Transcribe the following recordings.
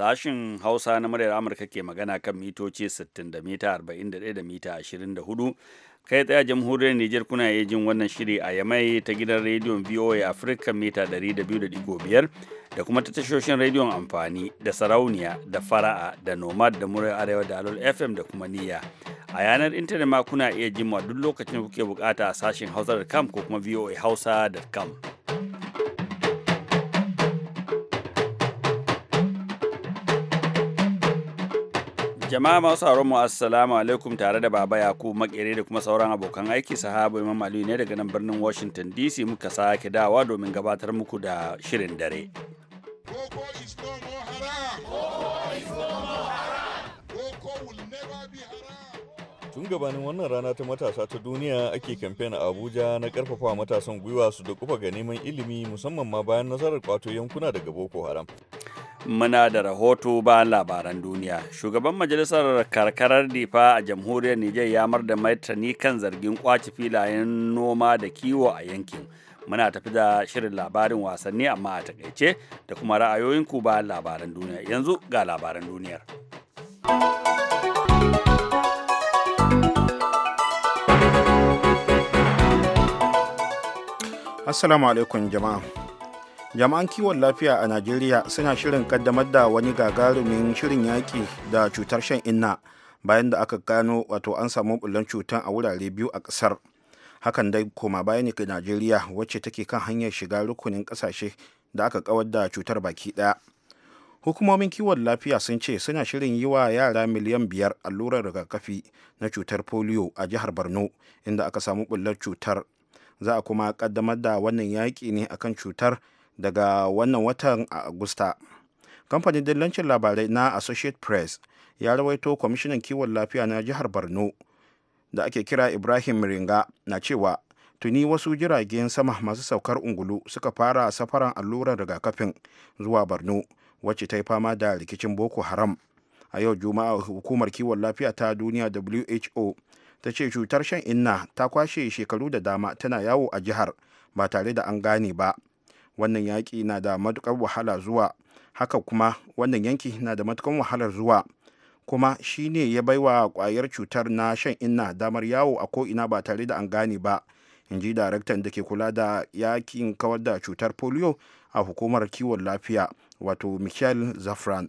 Sashin Hausa na muryar Amurka ke magana kan mitoci 60 da mita 41 da mita 24. Kai tsaye jamhuriyar Nijar kuna iya jin wannan shiri a Yamai ta gidan rediyon VOA afirka mita 200.5 da kuma ta tashoshin rediyon amfani da sarauniya da fara'a da nomad da muryar arewa da alol FM da kuma niyya. A yanar intanet ma kuna iya jin duk lokacin kuke bukata a sashin hausa.com ko kuma voahausa.com. Jama'a masu sauran mu assalamu alaikum tare da Baba Yakubu makere da kuma sauran abokan aiki sahabu Imam Aliyu ne daga nan birnin Washington DC muka sake dawa domin gabatar muku da shirin dare. Tun gabanin wannan rana ta matasa ta duniya ake kamfen a Abuja na karfafa matasan gwiwa su da kufa ga neman ilimi musamman ma bayan nasarar kwato yankuna daga Boko Haram. muna da rahoto ba labaran duniya shugaban majalisar karkarar difa a jamhuriyar nijar ya mar da martani kan zargin kwace filayen noma da kiwo a yankin muna tafi da shirin labarin wasanni amma a takaice da kuma ra'ayoyinku ku ba labaran duniya yanzu ga labaran duniyar assalamu alaikum jama'a jama'an kiwon lafiya a najeriya suna shirin kaddamar da wani gagarumin shirin yaƙi da cutar shan inna bayan da aka gano wato an samu bullan cutar a wurare biyu a ƙasar hakan dai koma bayan ne ga najeriya wacce take kan hanyar shiga rukunin ƙasashe da aka kawar da cutar baki ɗaya hukumomin kiwon lafiya sun ce suna shirin yi wa yara miliyan biyar allurar rigakafi na cutar polio a jihar borno inda aka samu bullar cutar za a kuma kaddamar da wannan yaƙi ne akan cutar daga wannan watan agusta kamfanin dillancin labarai na associate press ya rawaito kwamishinan kiwon lafiya na jihar borno da ake kira ibrahim ringa na cewa tuni wasu jiragen sama masu saukar ungulu suka fara safaran allurar rigakafin zuwa borno wacce ta yi fama da rikicin boko haram a yau juma'a hukumar kiwon lafiya ta duniya who ta ce cutar shan inna ta kwashe shekaru da dama tana yawo a jihar ba tare da an gane ba wannan yaƙi na da matukar wahala zuwa haka kuma wannan yanki na da matukar wahalar zuwa kuma shi ne ya baiwa kwayar cutar na shan inna damar yawo a ko'ina ba tare da an gane ba in ji daraktan da ke kula da yakin kawar da cutar polio a hukumar kiwon lafiya wato michael zafran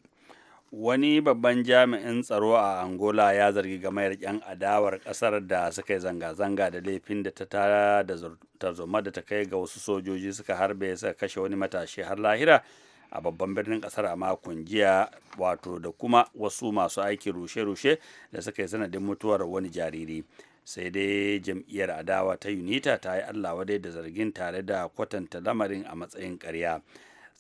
wani babban jami'in tsaro a angola ya zargi gamayar 'yan adawar kasar da suka yi zanga-zanga da laifin da ta tara da tarzoma da ta kai ga wasu sojoji suka harbe suka kashe wani matashi har lahira a babban birnin kasar a makon jiya wato da kuma wasu masu aiki rushe-rushe da suka yi sanadin mutuwar wani jariri sai dai jam'iyyar adawa ta unita ta yi allah wadai da zargin tare da kwatanta lamarin a matsayin karya.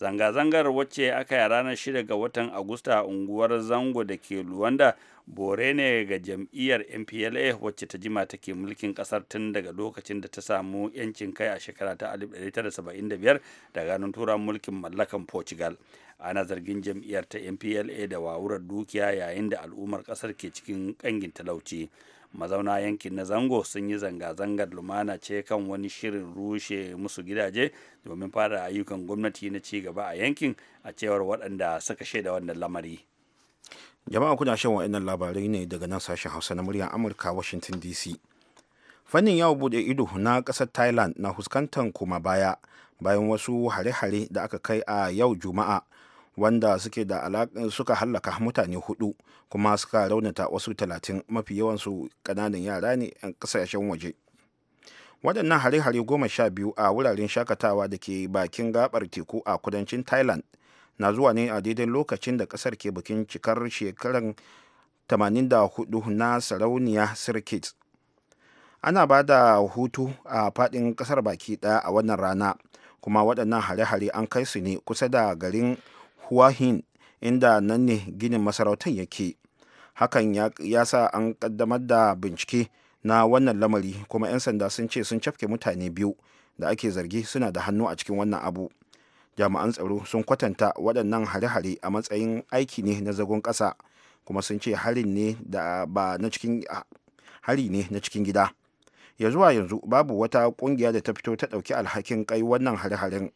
zanga-zangar wacce aka yi ranar 6 ga watan agusta a unguwar zango da ke luwanda bore ne ga jam'iyyar mpla wacce ta jima take mulkin kasar tun daga lokacin da ta samu 'yancin kai a shekara ta 1975 da ganin turan mulkin mallakan portugal ana zargin jam'iyyar ta mpla da wawurar dukiya yayin da al'ummar kasar ke cikin kangin talauci mazauna yankin na zango sun yi zanga-zangar lumana ce kan wani shirin rushe musu gidaje domin fara ayyukan gwamnati na ci gaba a yankin a cewar waɗanda suka shaida wannan lamari jama'a kuna shan wa'annan labarai ne daga nan sashen hausa na muryar amurka washington dc fannin yawon bude ido na ƙasar thailand na fuskantar kuma baya bayan wasu hare-hare da aka kai a yau juma'a wanda suke da alaƙa suka hallaka mutane hudu kuma suka raunata wasu talatin mafi yawan su kananan yara ne 'yan kasashen waje waɗannan hare-hare goma sha biyu a wuraren shakatawa da ke bakin gabar teku a kudancin thailand na zuwa ne a daidai lokacin da ƙasar ke bikin cikar shekarar 84 na sarauniya circuit ana ba da hutu a faɗin ƙasar baki ɗaya a wannan rana kuma waɗannan hare-hare an kai su ne kusa da garin huahin inda nan ne ginin masarautar yake hakan ya sa an kaddamar da bincike na wannan lamari kuma 'yan sanda sun ce sun cafke mutane biyu da ake zargi suna da hannu a cikin wannan abu jami'an tsaro sun kwatanta waɗannan hare-hare a matsayin aiki ne na zagon ƙasa kuma sun ce hari ne na cikin gida ya zuwa yanzu babu wata ƙungiya da ta fito ta ɗauki alhakin kai wannan hare-haren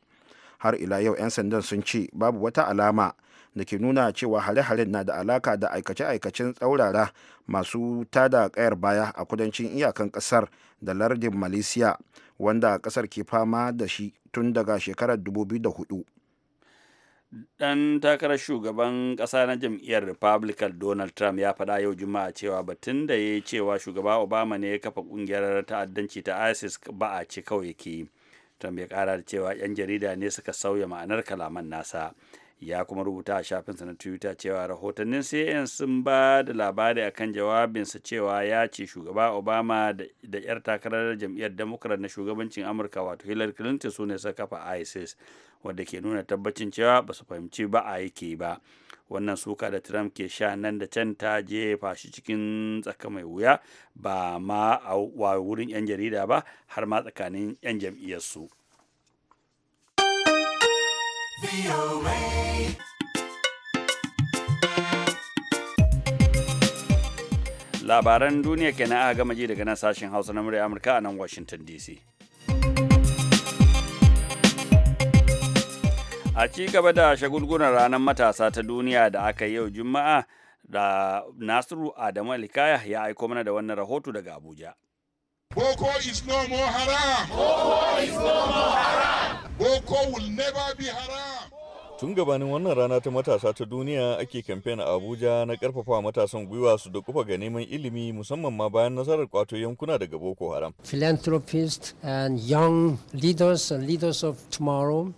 har ila yau 'yan sandan sun ce babu wata alama da ke nuna cewa hare-haren na da alaka da aikace-aikacen tsaurara masu tada kayar baya a kudancin iyakan kasar da lardin malaysia wanda kasar ke fama da shi tun daga shekarar 2004 dan takarar shugaban kasa na jam'iyyar republican donald trump ya faɗa yau juma'a cewa batun da ya yi cewa shugaba obama ne ya kafa ƙungiyar ta'addanci ta isis ba a ce kawai ke yi Trump ya kara da cewa 'yan jarida ne suka sauya ma'anar kalaman nasa. Ya kuma rubuta a shafinsa na Twitter cewa rahotannin CNN sun ba da labari akan jawabinsa cewa ya ce shugaba Obama da 'yar takarar jam'iyyar Democrat na shugabancin Amurka wato Hillary Clinton su ne suka kafa ISIS wadda ke nuna tabbacin cewa ba su fahimci ba a yake ba. wannan suka da trump ke sha nan da can ta jefa shi cikin tsaka mai wuya ba ma a wurin 'yan jarida ba har ma tsakanin 'yan jam'iyyarsu labaran duniya kenan aka gama ji daga nan sashen hausa na murya amurka a nan washington dc a ci gaba da shagulgunan ranar matasa ta duniya da aka yau juma'a da nasiru adamu alikaya ya aiko mana da wannan rahoto daga abuja boko is no more haram boko is no more haram boko will never be haram Tun gabanin wannan rana ta matasa ta duniya ake kamfen a Abuja na karfafa matasan gwiwa su da kufa ga neman ilimi musamman ma bayan nasarar kwato yankuna daga Boko Haram. Philanthropists and young leaders and leaders of tomorrow.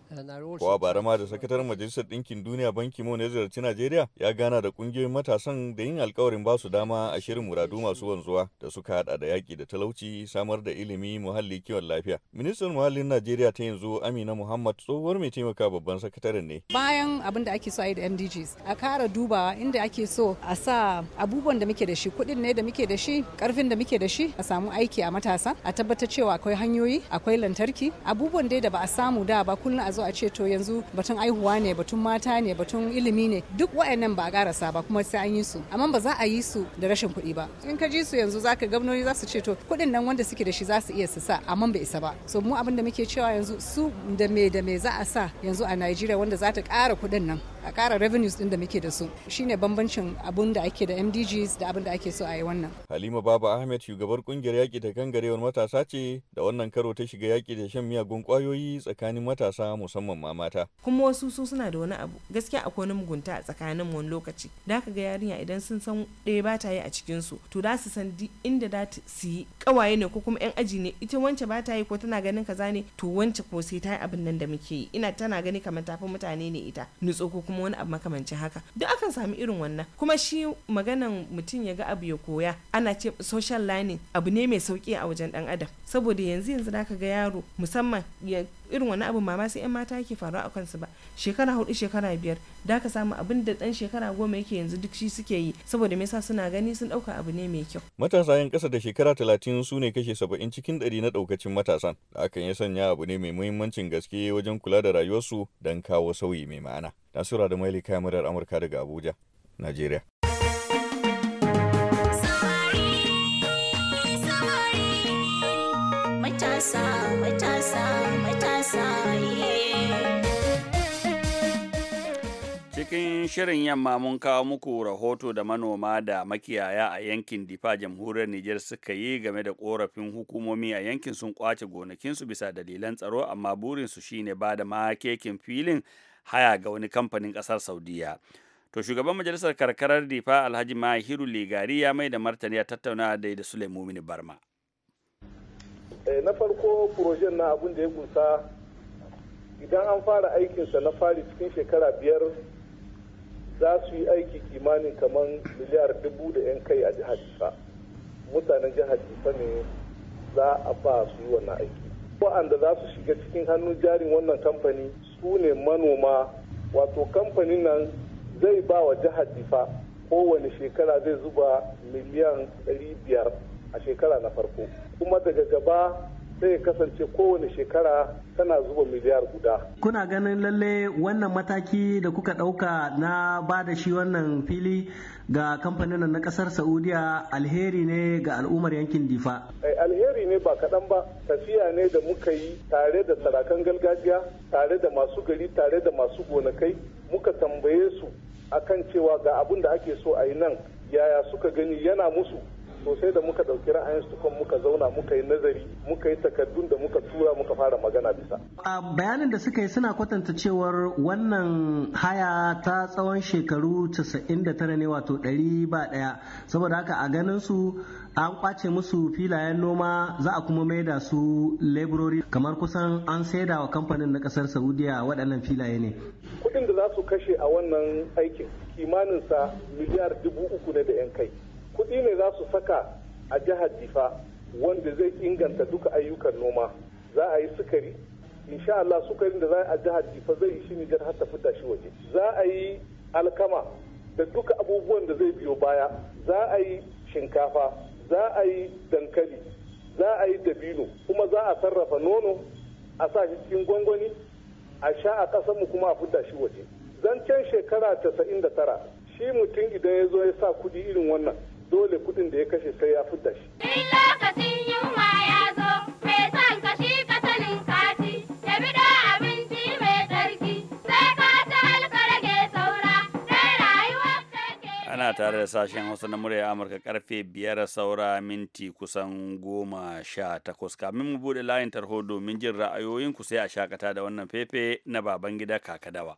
Kowa bara ma da sakataren Majalisar Ɗinkin Duniya Banki Mo na zarci Najeriya ya gana da ƙungiyoyin matasan da yin alkawarin ba su dama a shirin muradu masu wanzuwa da suka hada da yaki da talauci, samar da ilimi, muhalli, kiwon lafiya. Ministan muhallin Najeriya ta yanzu Amina Muhammad tsohuwar mai taimaka babban sakataren ne. bayan abin da ake so a yi da mdgs a kara duba inda ake so a sa abubuwan da muke da shi kudin ne da muke da shi karfin da muke da shi a samu aiki a matasa a tabbatar cewa akwai hanyoyi akwai lantarki abubuwan dai da ba a samu da ba kullum a zo a ce to yanzu batun aihuwa ne batun mata ne batun ilimi ne duk waɗannan ba a karasa ba kuma sai an yi su amma ba za a yi su da rashin kuɗi ba in ka ji su yanzu zaka gwamnoni za su ce to kuɗin nan wanda suke da shi za su iya su sa amma ba isa ba so mu abin da muke cewa yanzu su da me da me za a sa yanzu a Najeriya wanda za ta ƙara kuɗin nan a ƙara revenues ɗin da muke da su shine bambancin abun da ake da mdgs da abun da ake so a yi wannan halima baba ahmed shugabar kungiyar yaƙi da kangarewar matasa ce da wannan karo ta shiga yaƙi da shan miyagun ƙwayoyi tsakanin matasa musamman ma mata kuma wasu su suna da wani abu gaskiya akwai wani mugunta a tsakanin wani lokaci da ka ga yarinya idan sun san ɗaya ba ta yi a cikin su to da su san inda da ta su yi ƙawaye ne ko kuma 'yan aji ne ita wance ba ta yi ko tana ganin kaza ne to wance ko sai ta yi abin nan da muke yi ina tana gani kamar tafi mutane menene ita nutso ko kuma wani abu makamancin haka duk akan sami irin wannan kuma shi maganan mutum ya ga abu ya koya ana ce social learning abu ne mai sauki a wajen dan adam saboda yanzu yanzu zaka ga yaro musamman irin wani abu mama sai yan mata yake faru a kansu ba shekara hudu shekara biyar da ka samu abin da dan shekara goma yake yanzu duk shi suke yi saboda me yasa suna gani sun dauka abu ne mai kyau matasa yan kasa da shekara talatin su ne kashe saba'in cikin ɗari na daukacin matasan da hakan ya sanya abu ne mai muhimmancin gaske wajen kula da rayuwarsu don kawo sauyi mai ma'ana nasura da maili kamarar amurka daga abuja najeriya cikin shirin yamma mun kawo muku rahoto da manoma da makiyaya a yankin Difa jamhuriyar Nijar suka yi game da korafin hukumomi a yankin sun kwace gonakinsu bisa dalilan tsaro amma burinsu shine ba da makekin filin haya ga wani kamfanin kasar Saudiya. To shugaban majalisar karkarar Difa Alhaji Mahiru Ligari ya mai da martani ya tattauna da da Suleimomini Barma. Eh, na farko projen na abun da ya kunsa idan an fara aikinsa na fari cikin shekara biyar za su yi aiki kimanin kamar miliyar dubu da 'yan kai a jihar isa mutanen jihar isa ne za a ba su yi wannan aiki wa'anda za su shiga cikin hannun jarin wannan kamfani su ne manoma wato kamfanin nan zai ba wa jihar ko kowane shekara zai zuba miliyan 500 a shekara na farko kuma daga gaba sai ya kasance kowane shekara tana zuba miliyar guda. Kuna ganin lalle wannan mataki da kuka ɗauka na ba da shi wannan fili ga kamfanin na ƙasar Saudiya alheri ne ga al'ummar yankin Difa. Eh, alheri ne ba kaɗan ba tafiya ne da muka yi tare da sarakan gargajiya tare da masu gari tare da masu gonakai muka tambaye su akan cewa ga abin da ake so a yi nan yaya suka gani yana musu sosai da muka ɗauki ra'ayin su kuma muka zauna muka yi nazari muka yi takaddun da muka tura muka fara magana bisa. A bayanin da suka yi suna kwatanta cewar wannan haya ta tsawon shekaru 99 ne wato 100 ba ɗaya saboda haka a ganin su an kwace musu filayen noma za a kuma maida su laborori kamar kusan an saida wa kamfanin na kasar Saudiya waɗannan filaye ne. Kuɗin da za su kashe a wannan aikin kimanin sa miliyar dubu uku ne da 'yan kai. kuɗi ne za su saka a jihar difa wanda zai inganta duka ayyukan noma za a yi sukari insha Allah sukarin da za a yi a jihar difa zai yi shi nijar har ta fita shi waje za a yi alkama da duka abubuwan da zai biyo baya za a yi shinkafa za a yi dankali za a yi dabino kuma za a sarrafa nono a sa shi cikin gwangwani a sha a kasanmu kuma a fita shi waje zancen shekara 99 shi mutum idan ya zo ya sa kuɗi irin wannan dole kudin da ya kashe sai ya fidda shi. yunwa ya mai son ka ya bi abinci mai sai ka ta rage saura sai Ana tare da sashen Hausa na murya Amurka karfe biyar saura minti kusan goma sha takwas kamin mu buɗe layin tarho domin jin ra'ayoyinku sai a shakata da wannan fefe na baban gida kakadawa. dawa.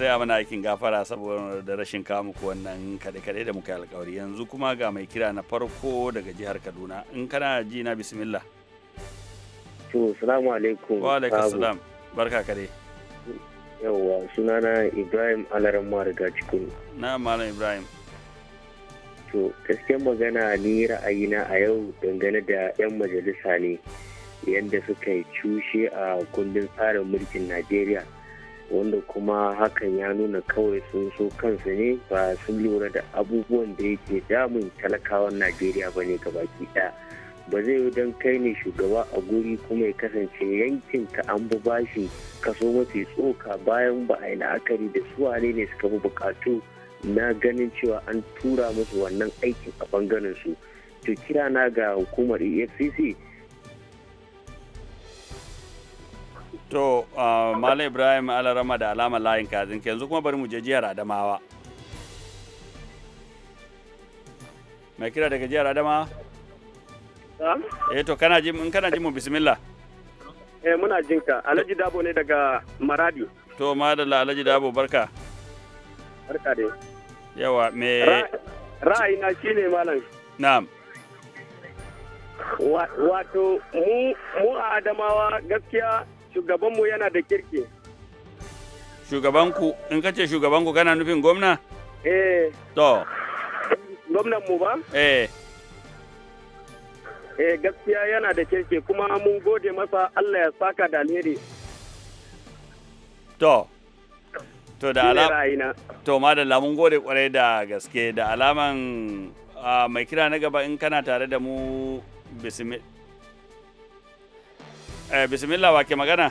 sai mana aikin gafara saboda rashin kamu ku wannan kade-kade da muka alkawari yanzu kuma ga mai kira na farko daga jihar kaduna in kana ji na bismillah to salamu alaikum wa alaikum salam barka kare yawwa sunana ibrahim alaramma daga cikin na malam ibrahim to gaskiyar magana ni ra'ayina a yau dangane da 'yan majalisa ne yadda suka yi cushe a kundin tsarin mulkin najeriya wanda kuma hakan ya nuna kawai sun so kansu ne ba sun lura da abubuwan da yake damun talakawan najeriya ba ne gabaki ɗaya ba zai yi don kai ne shugaba a guri kuma ya kasance yankin ka an bi bashi kaso mafi tsoka bayan ba a yi la'akari da su ne suka fi bukatu na ganin cewa an tura musu wannan aikin a bangaren su to kira na ga hukumar efcc to ah, malam ibrahim alarama da alama layin kazin yanzu kuma bari mu je jihar adamawa mai kira daga jihar adamawa eh to kana jin in kana jin mu bismillah eh muna jinka alhaji dabo ne daga maradi to madalla alhaji dabo barka barka dai yawa me shi shine malam na'am wato mu a adamawa gaskiya shugabanmu yana da kirki. Shugabanku, in ka ce shugabanku kana nufin gwamna? Eh. To. Gwamnanmu ba? Eh. Eh gaskiya yana da kirki kuma mun gode masa Allah ya saka da alheri. To. To da alama. To madalla mun gode kwarai da gaske da alaman ah, mai kira na gaba in kana tare da mu bismillah. Eh, bismillah wa ke magana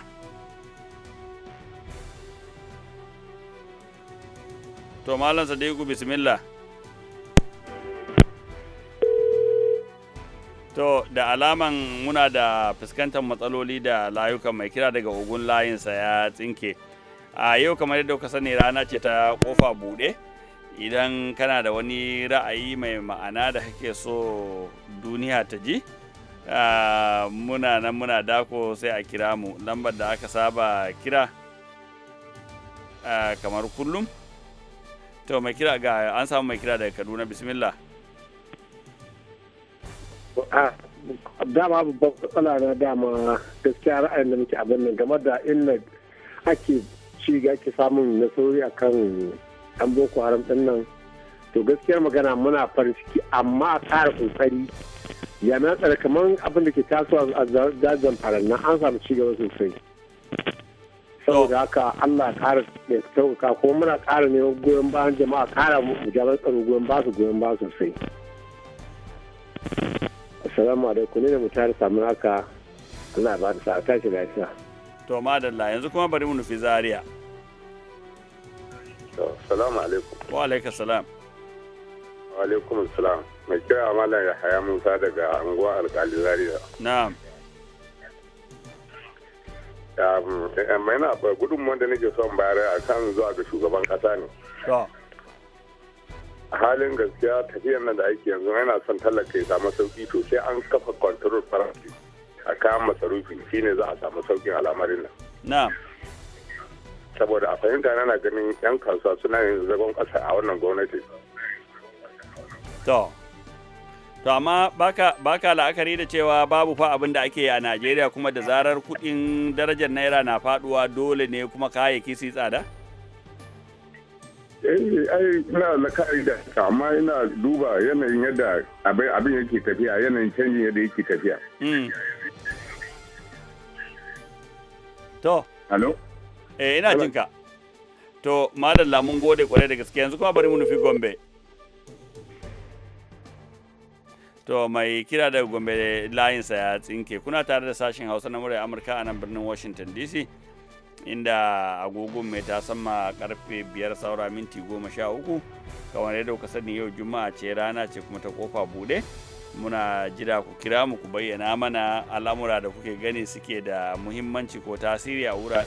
to malam sadiku bismillah to da alaman muna da fuskantar matsaloli da layukan mai kira daga ogun layinsa ya tsinke a yau kamar yadda kuka sani rana ce ta kofa buɗe idan kana da wani ra'ayi mai ma'ana da kake so duniya ta ji Ah, muna nan muna dako sai a kira mu lambar da aka saba kira ah, kamar kullum to mai kira ga an samu mai kira daga kaduna bismillah ah, dama babban matsala na dama gaskiya ra'ayin da muke abin nan game da inna ake ci ga ake samun nasarori akan an boko haram din nan to gaskiyar magana muna farin ciki amma a tsara kokari jami'an tsaro kamar abin da ke tasowa a dajin faran nan an samu cigaba sosai saboda haka allah ƙara da sauka kuma muna ƙara neman goyon bayan jama'a ƙara jami'an tsaro goyon ba su goyon ba sosai assalamu alaikum ne da mutane samun haka allah ba da sa'a tashi lafiya to madalla yanzu kuma bari mu nufi zaria to salamu alaikum wa alaikum salam wa alaikum salam mai kira malam Yahaya Musa daga anguwa alkali Zaria. Na'am. Um, eh, mai na ba gudun da nake son bayar a kan zuwa ga shugaban kasa ne. Halin gaskiya tafiyar nan da ake yanzu yana son tallaka ya samu sauki to sai an kafa control faransi a kayan masarufi shine za a samu saukin al'amarin nan. Na'am. Saboda a fahimta nana ganin 'yan kasuwa suna yin zagon kasa a wannan gwamnati. to amma baka baka la'akari da cewa babu fa abin da ake a Najeriya kuma da zarar kudin darajar naira na faduwa dole ne kuma kayayyaki su tsada eh ai ina la'akari da amma ina duba yanayin yadda abin yake tafiya yanayin canjin yadda yake tafiya hmm. to hello eh ina jinka to malam mun gode kwarai da gaske yanzu kuma bari mu nufi Gombe To mai kira da Gombe layinsa ya tsinke kuna tare da sashen Hausa na murya Amurka a nan birnin Washington DC inda agogon mai ta sama karfe biyar saura minti goma sha uku kamar yadda kuka sani yau juma'a ce rana ce kuma ta kofa bude muna jira ku kira mu ku bayyana mana al'amura da kuke gani suke da muhimmanci ko tasiri a wura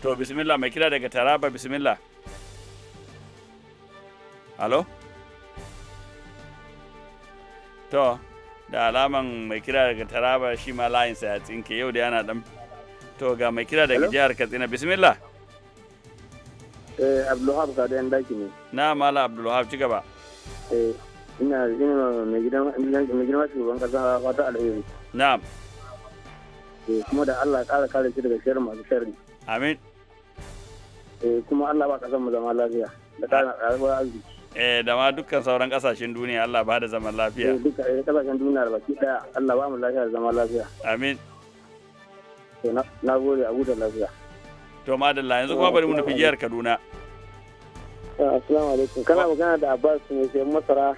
to bismillah mai kira daga taraba bismillah halo to da alaman mai kira daga taraba shi ma layinsa ya tsinke yau da yana dan to ga mai kira daga jihar katsina bismillah eh abdulhab ga dan daki ne na mala abdulhab ci gaba eh ina ina mai gidan mai gidan shugaban kasa wata alheri na'am eh kuma da Allah ya kara kare shi daga sharri masu sharri amin eh kuma Allah ba kasan mu zama lafiya da kana ƙaruwar arziki eh da ma dukkan sauran kasashen duniya Allah ba da zaman lafiya eh, dukkan kasashen eh, duniya da baki daya Allah ba mu lafiya da zaman lafiya amin na gode a gudan lafiya to madalla yanzu kuma bari mu nufi jihar Kaduna ah, assalamu alaikum kana magana da Abbas ne sai masara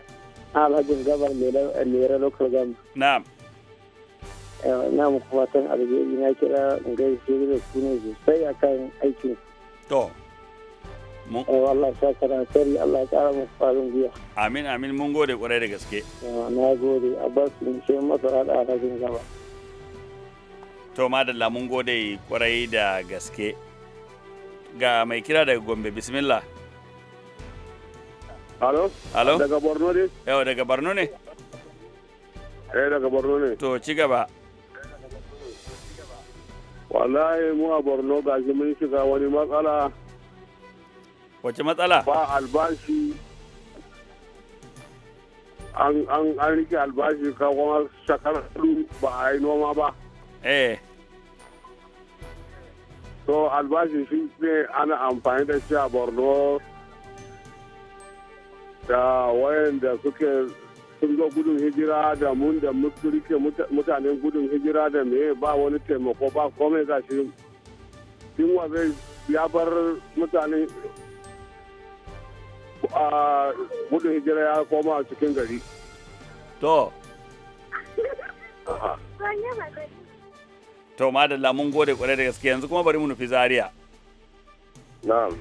alhajin gabar lera local government na'am eh, na muku fatan alheri na kira ngai gaishe da su ne sosai akan aikin to Eh, Allah ya saka da sari Allah ya kara farin Amin amin mun gode kwarai da gaske. Eh, na gode Abbas in ce masa rada na gaba. To madalla mun gode kwarai da gaske. Ga mai kira daga Gombe bismillah. Alo? Halo? Daga Borno ne? Yau daga Borno ne? Eh daga Borno ne. To ci gaba. Wallahi mu a Borno shi mun shiga wani matsala wace matsala ba albashi an an an rike albashi ka kuma shakar ba a yi noma ba eh to albashi shi ne ana amfani da shi a borno da wayanda suke sun zo gudun hijira da mun da rike mutanen gudun hijira da me ba wani taimako ba komai ga shi yunwa zai ya bar mutane gudun hijira ya koma a cikin gari. To. To madalla mun gode kwarai da gaske yanzu kuma bari mu nufi Zaria. Na'am.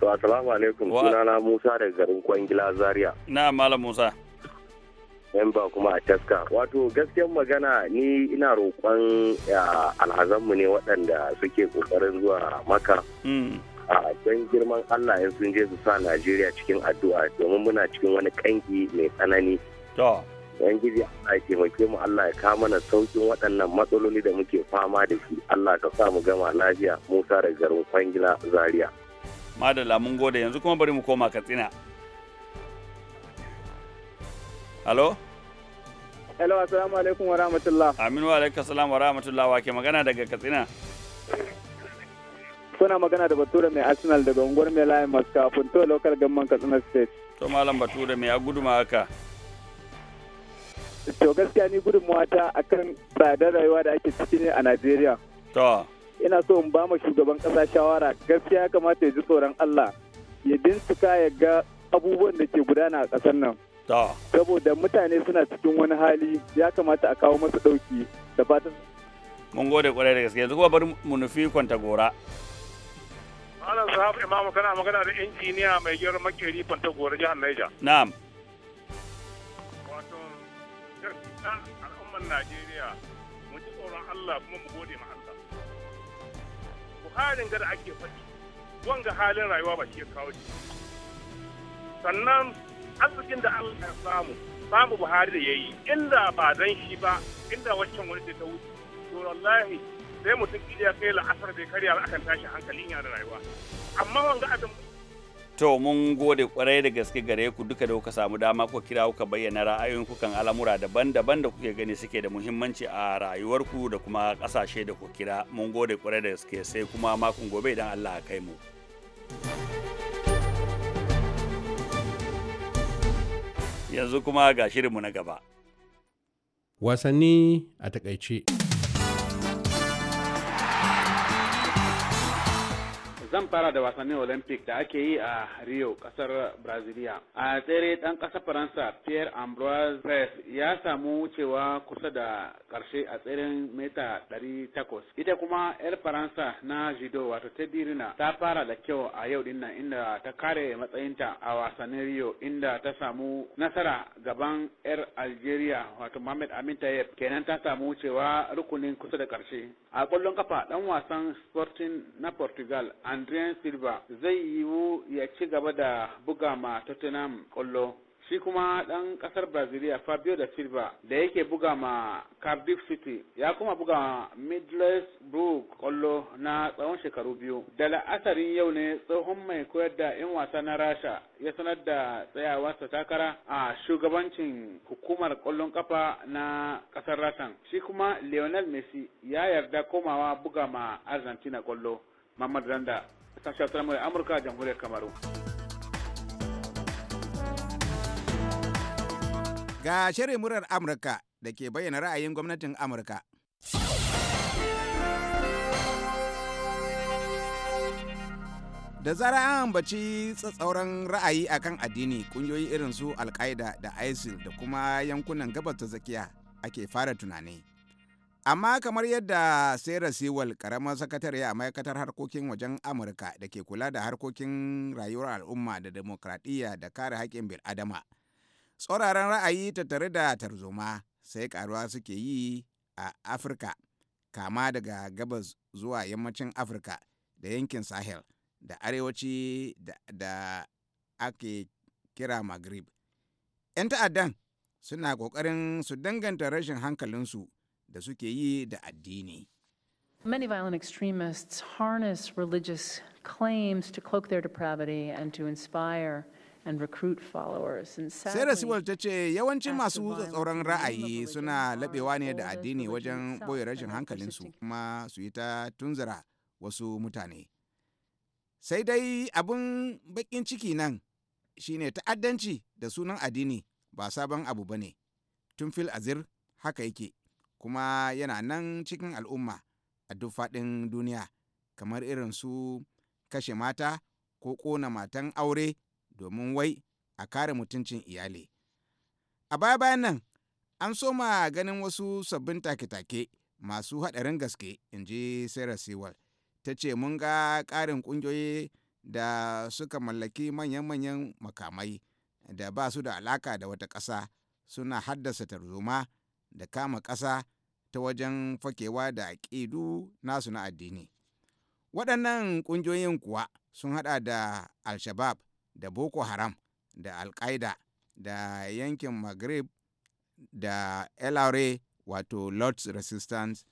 To assalamu alaikum sunana Musa daga garin Kwangila Zaria. Na'am Malam Musa. memba kuma a taska wato Gasken magana ni ina roƙon alhazanmu ne waɗanda suke ƙoƙarin zuwa maka hmm. a don girman Allah in sun je su sa Najeriya cikin addu'a domin muna cikin wani kangi mai tsanani. To. Ubangiji Allah ya taimake mu Allah ya kawo mana saukin waɗannan matsaloli da muke fama da shi Allah ka sa mu gama lafiya Musa da garin Kwangila Zaria. Madalla mun gode yanzu kuma bari mu koma Katsina. Halo? Halo, assalamu alaikum wa rahmatullah. Aminu wa alaikum wa rahmatullah wa ke magana daga Katsina. kuna magana da bature mai arsenal daga unguwar mai layin masu kafin to local gamman katsina state to malam bature mai guduma haka to gaskiya ni gudunmawa ta akan tsadar rayuwa da ake ciki ne a najeriya to ina so in ba ma shugaban kasa shawara gaskiya kamata ya ji tsoron allah ya bincika ya ga abubuwan da ke gudana a ƙasar nan saboda mutane suna cikin wani hali ya kamata a kawo masa ɗauki da fatan mun gode kwarai da gaske yanzu kuma bari mu nufi kwanta gora Sahabu Imamu kana magana da injiniya mai gyaran makeri Fantagora jihar Niger. Na'am. Wato gaskiya al'ummar Najeriya mu ji tsoron Allah kuma mu gode ma Allah. Buharin gada ake faɗi wanga halin rayuwa ba shi ya kawo shi. Sannan arzikin da Allah ya samu babu Buhari da ya yi inda ba dan shi ba inda waccan wani da ta wuce. To wallahi sai mutum kila ya kai la'asar bai karya ba akan tashi hankali yana da rayuwa amma wanga abin to mun gode kwarai da gaske gare ku duka da kuka samu dama ku kira kuka bayyana ra'ayoyinku kan al'amura daban-daban da kuke gani suke da muhimmanci a rayuwarku da kuma kasashe da ku kira mun gode kwarai da gaske sai kuma makon gobe idan Allah ya kai mu yanzu kuma ga shirinmu na gaba wasanni a takaice zan fara da wasannin olympic da ake yi a rio kasar brazilia a tsere dan kasar faransa pierre ambroise ya samu wucewa kusa da karshe a tseren mita 800 ita kuma yar faransa na judo wato teddy rina ta fara da kyau a yau din nan inda ta kare matsayinta a wasannin rio inda ta samu nasara gaban yar algeria wato mohamed amin tayeb kenan ta samu wucewa rukunin kusa da karshe a kwallon kafa dan wasan sporting na portugal and Adrian Silva zai yiwu ya ci gaba da buga ma Tottenham kwallo. Shi kuma ɗan ƙasar Brazilia Fabio da Silva da yake buga ma Cardiff City ya kuma buga Middlesbrough kollo na tsawon shekaru biyu. Da la'asarin yau ne tsohon mai koyar da 'yan wasa na Rasha ya sanar da tsayawarsa takara a shugabancin hukumar kwallon kafa na ƙasar Rasan. Shi kuma Lionel Messi ya yarda komawa buga ma Argentina kwallo. mamadu Randa sashen amurka jamhuriyar kamaru ga shirin murar amurka da ke bayyana ra'ayin gwamnatin amurka da zara an ambaci tsatsauran ra'ayi akan addini kungiyoyi irin su alkaida da isil da kuma yankunan gabas ta tsakiya ake fara tunani amma kamar yadda sera sewell karamar sakatare a ma'aikatar harkokin wajen amurka da ke kula da harkokin rayuwar al'umma da demokradiyya da kare haƙƙin adama tsoraren ra'ayi tattare da tarzoma sai karuwa suke yi a afirka kama daga gabas zuwa yammacin afirka da yankin sahel da arewaci da, ake kira maghrib 'yan ta'addan suna ƙoƙarin su danganta rashin hankalinsu da suke yi da addini. Many violent extremists harness religious claims to cloak their depravity and to inspire and recruit followers. Sarah Sewell ta ce yawancin masu tsauran ra'ayi suna laɓewa ne da addini wajen ɓoye rashin hankalinsu kuma su yi ta tunzara wasu mutane. Sai dai abin baƙin ciki nan shi ne ta'addanci da sunan addini ba sabon abu ba ne. Tun fil azir haka yake. kuma yana nan cikin al'umma a duk faɗin duniya kamar irin su kashe mata ko ƙona matan aure domin wai a kare mutuncin iyali a baya bayan nan an soma ganin wasu sabbin take-take masu haɗarin gaske in ji sarah sewell ta ce mun ga ƙarin ƙungiyoyi da suka mallaki manyan-manyan makamai da ba su da alaka da wata ƙasa suna haddasa tarzoma da kama ƙasa ta wajen fakewa da ƙidu nasu na addini. Waɗannan ƙungiyoyin kuwa sun haɗa da alshabab da Boko Haram da al da yankin Maghrib da LRA wato Lord's Resistance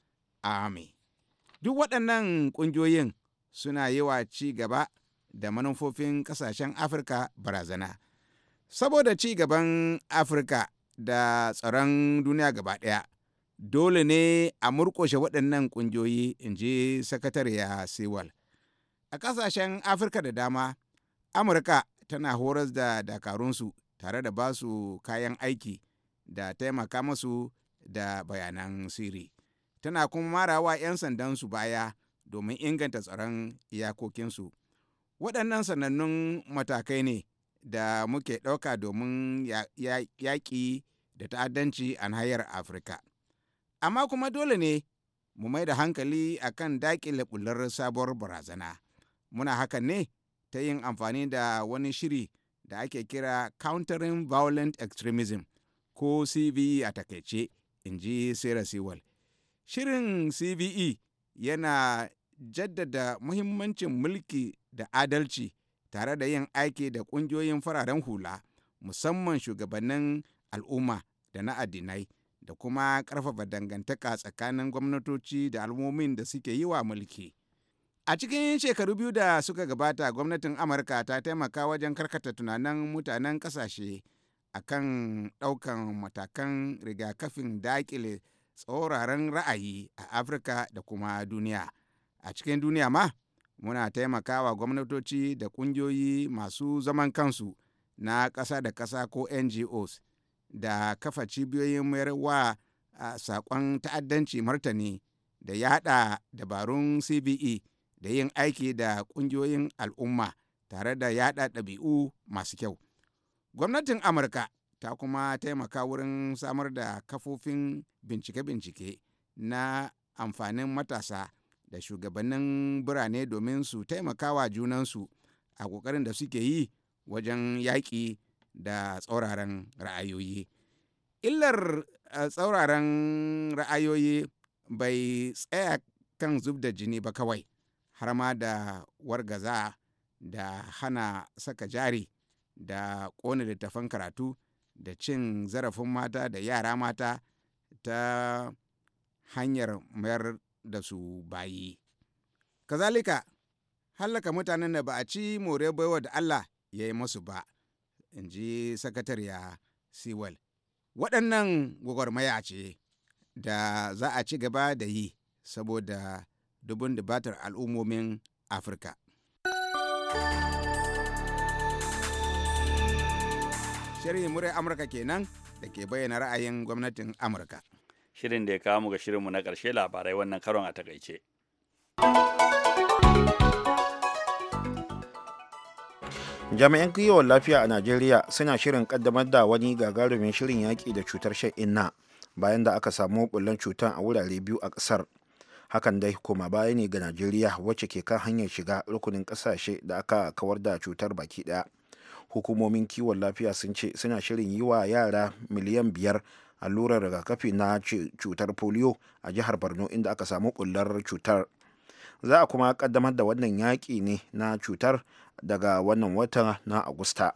Army. Duk waɗannan ƙungiyoyin suna yi wa ci gaba da manufofin ƙasashen Afirka barazana. Saboda ci gaban Afirka da tsaron duniya gaba ɗaya. Dole ne a murƙushe waɗannan ƙungiyoyi, in ji Sakatariya Sewal. A ƙasashen Afirka da dama, Amurka tana horas da dakarunsu tare da ba su kayan aiki da taimaka masu da bayanan sirri. Tana kuma marawa 'yan sandansu baya domin inganta tsaron iyakokinsu. Waɗannan sanannun matakai ne da muke ɗauka domin yaƙi da ta'addanci a nahiyar afirka amma kuma dole ne mu mai da hankali a kan daƙile ɓullar sabuwar barazana muna hakan ne ta yin amfani da wani shiri da ake kira countering violent extremism ko cve a takaice in ji sarah sewell shirin cve yana jaddada muhimmancin mulki da adalci tare da yin aiki da ƙungiyoyin fararen hula musamman shugabannin al'umma da na addinai da kuma ƙarfafa dangantaka tsakanin gwamnatoci da al'ummomin da suke yi wa mulki. A cikin shekaru biyu da suka gabata gwamnatin Amurka ta taimaka wajen karkata tunanin mutanen ƙasashe a kan ɗaukan matakan rigakafin daƙile tsauraran ra'ayi a Afirka da kuma duniya. A cikin duniya ma, muna taimakawa gwamnatoci da ƙungiyoyi masu zaman kansu na ƙasa da ƙasa ko ngos da kafa cibiyoyin mayar wa saƙon ta'addanci martani da yaɗa dabarun cbe da yin aiki da ƙungiyoyin al'umma tare da yaɗa ɗabi'u masu kyau gwamnatin amurka ta kuma taimaka wurin samar da kafofin bincike-bincike na amfanin matasa da shugabannin birane domin su taimakawa junansu a ƙoƙarin da suke yi wajen yaƙi da tsauraran ra'ayoyi illar eh, tsauraran ra'ayoyi bai tsaya kan zub da jini ba kawai har ma da wargaza da hana saka jari da ƙona littafan karatu da cin zarafin mata da yara mata ta hanyar mayar da su bayi. Kazalika, hallaka mutanen da ba a ci more baiwa da Allah ya yi masu ba, in ji sakatariya Sewell. Waɗannan gwagwarmaya ce da za a ci gaba da yi saboda dubun dubatar al'ummomin Afirka. shirin murai Amurka kenan da ke bayyana ra'ayin gwamnatin Amurka. shirin da ya kawo mu ga shirinmu na ƙarshe labarai wannan karon a takaice. jami'an kiwon lafiya a najeriya suna shirin kaddamar da wani gagarumin shirin yaƙi da cutar shan inna bayan da aka samu bullon cutar a wurare biyu a ƙasar hakan dai koma baya ne ga najeriya wacce ke kan hanyar shiga rukunin ƙasashe da aka kawar da cutar baki ɗaya hukumomin kiwon lafiya sun ce suna shirin yi wa yara miliyan biyar allurar rigakafi na cutar polio a jihar borno inda aka samu kullar cutar za a kuma kaddamar da wannan yaƙi ne na cutar daga wannan wata na agusta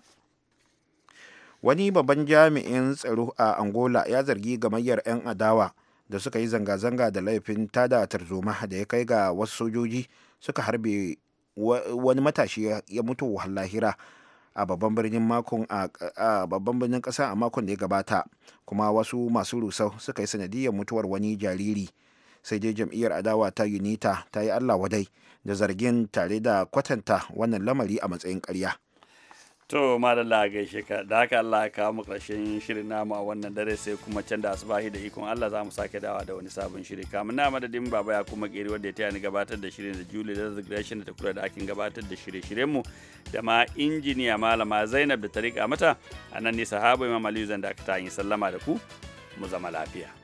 wani babban jami'in tsaro a angola ya zargi gamayyar 'yan adawa da suka yi zanga-zanga da laifin tada tarzoma da ya kai ga wasu sojoji suka harbe wani matashi ya mutu wahal lahira a babban birnin makon a babban birnin kasa a makon da ya gabata kuma wasu masu rusau suka yi sanadiyar mutuwar wani jariri sai dai jam'iyyar adawa ta unita ta yi allah wadai da zargin tare da kwatanta wannan lamari a matsayin karya. To da gaishe ka da haka Allah ya kawo mu ƙarshen shirin namu a wannan dare sai kuma can da asubahi da ikon Allah za mu sake dawa da wani sabon shiri kamun na madadin baba ya kuma ƙeri wanda ya taya ni gabatar da shirin da Julie da Zagreshin da ta kula da akin gabatar da shirye shiryenmu mu da ma injiniya malama Zainab da ta rika mata a nan ne sahaba Imam Aliyu zan da aka ta yi sallama da ku mu zama lafiya.